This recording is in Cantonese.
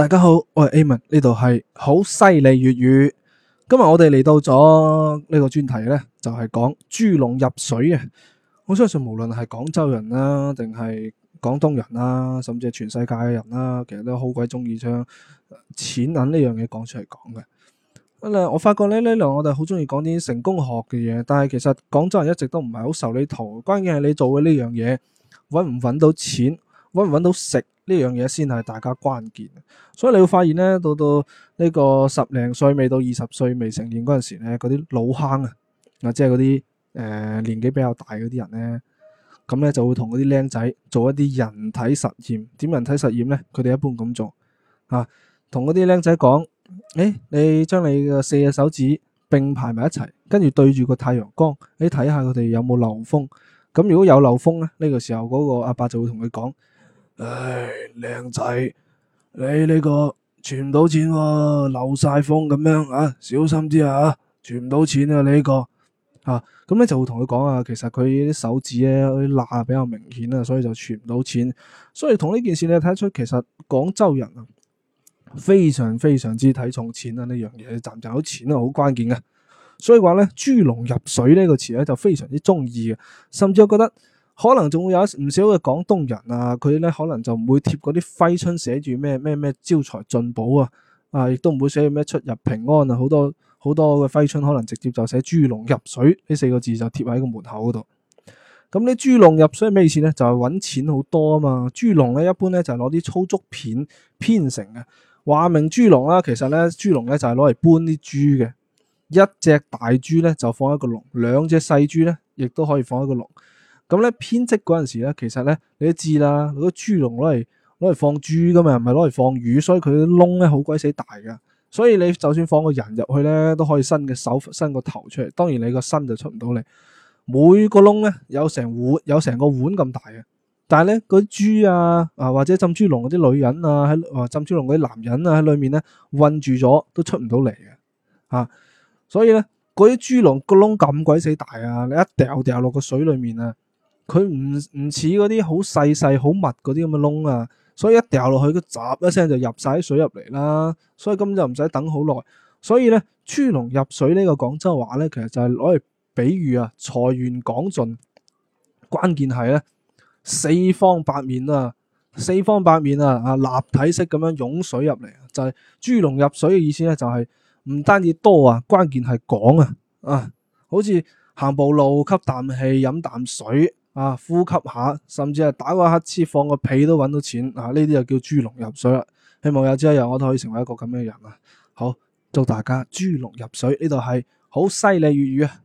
大家好，我係 Aman，呢度係猴塞雷粵語。今日我哋嚟到咗呢個專題呢就係、是、講豬籠入水嘅。我相信無論係廣州人啦，定係廣東人啦，甚至係全世界嘅人啦，其實都好鬼中意將錢銀呢樣嘢講出嚟講嘅。我發覺咧呢兩我哋好中意講啲成功學嘅嘢，但係其實廣州人一直都唔係好受你套，關鍵係你做嘅呢樣嘢揾唔揾到錢。揾唔揾到食呢樣嘢先係大家關鍵，所以你會發現咧，到到呢個十零歲未到二十歲未成年嗰陣時咧，嗰啲老坑啊，啊即係嗰啲誒年紀比較大嗰啲人咧，咁咧就會同嗰啲僆仔做一啲人體實驗。點人體實驗咧？佢哋一般咁做啊，同嗰啲僆仔講：誒，你將你嘅四隻手指並排埋一齊，跟住對住個太陽光，你睇下佢哋有冇漏風。咁如果有漏風咧，呢個時候嗰個阿伯就會同佢講。唉，靚仔，你呢個存唔到錢，啊，漏晒風咁樣啊！小心啲啊，存唔到錢啊，你呢個啊，咁咧就會同佢講啊，其實佢啲手指咧嗰啲罅比較明顯啦，啊，所以就存唔到錢。所以同呢件事你睇得出，其實廣州人啊，非常非常之睇重錢啊，呢樣嘢賺唔賺到錢啊，好關鍵嘅。所以話咧，豬籠入水呢個詞咧，啊，就非常之中意嘅，甚至我覺得。可能仲會有唔少嘅廣東人啊，佢咧可能就唔會貼嗰啲揮春寫，寫住咩咩咩招財進寶啊，啊，亦都唔會寫住咩出入平安啊。好多好多嘅揮春可能直接就寫豬籠入水呢四個字就貼喺個門口嗰度。咁呢豬籠入水係咩意思咧？就係、是、揾錢好多啊嘛。豬籠咧一般咧就攞、是、啲粗竹片編成嘅，話明豬籠啦。其實咧豬籠咧就係攞嚟搬啲豬嘅，一隻大豬咧就放一個籠，兩隻細豬咧亦都可以放一個籠。咁咧編織嗰陣時咧，其實咧你都知啦，嗰啲豬籠攞嚟攞嚟放豬噶嘛，唔係攞嚟放魚，所以佢啲窿咧好鬼死大噶。所以你就算放個人入去咧，都可以伸嘅手，伸個頭出嚟，當然你個身就出唔到嚟。每個窿咧有成碗，有成個碗咁大嘅，但係咧嗰啲豬啊啊或者浸豬籠嗰啲女人啊，喺啊浸豬籠嗰啲男人啊喺裡面咧困住咗都出唔到嚟嘅嚇。所以咧嗰啲豬籠個窿咁鬼死大啊！你一掉掉落個水裡面啊～佢唔唔似嗰啲好細細、好密嗰啲咁嘅窿啊，所以一掉落去，佢閘一聲就入晒啲水入嚟啦。所以根本就唔使等好耐。所以咧，豬籠入水個呢個廣州話咧，其實就係攞嚟比喻啊，財源廣進。關鍵係咧，四方八面啊，四方八面啊，啊，立體式咁樣湧水入嚟，就係豬籠入水嘅意思咧，就係唔單止多啊，關鍵係廣啊啊，哎、好似行步路吸啖氣飲啖水。啊！呼吸下，甚至係打個乞嗤，放個屁都搵到錢啊！呢啲就叫豬籠入水啦。希望有朝一日我都可以成為一個咁嘅人啊！好，祝大家豬籠入水，呢度係猴塞雷粵語啊！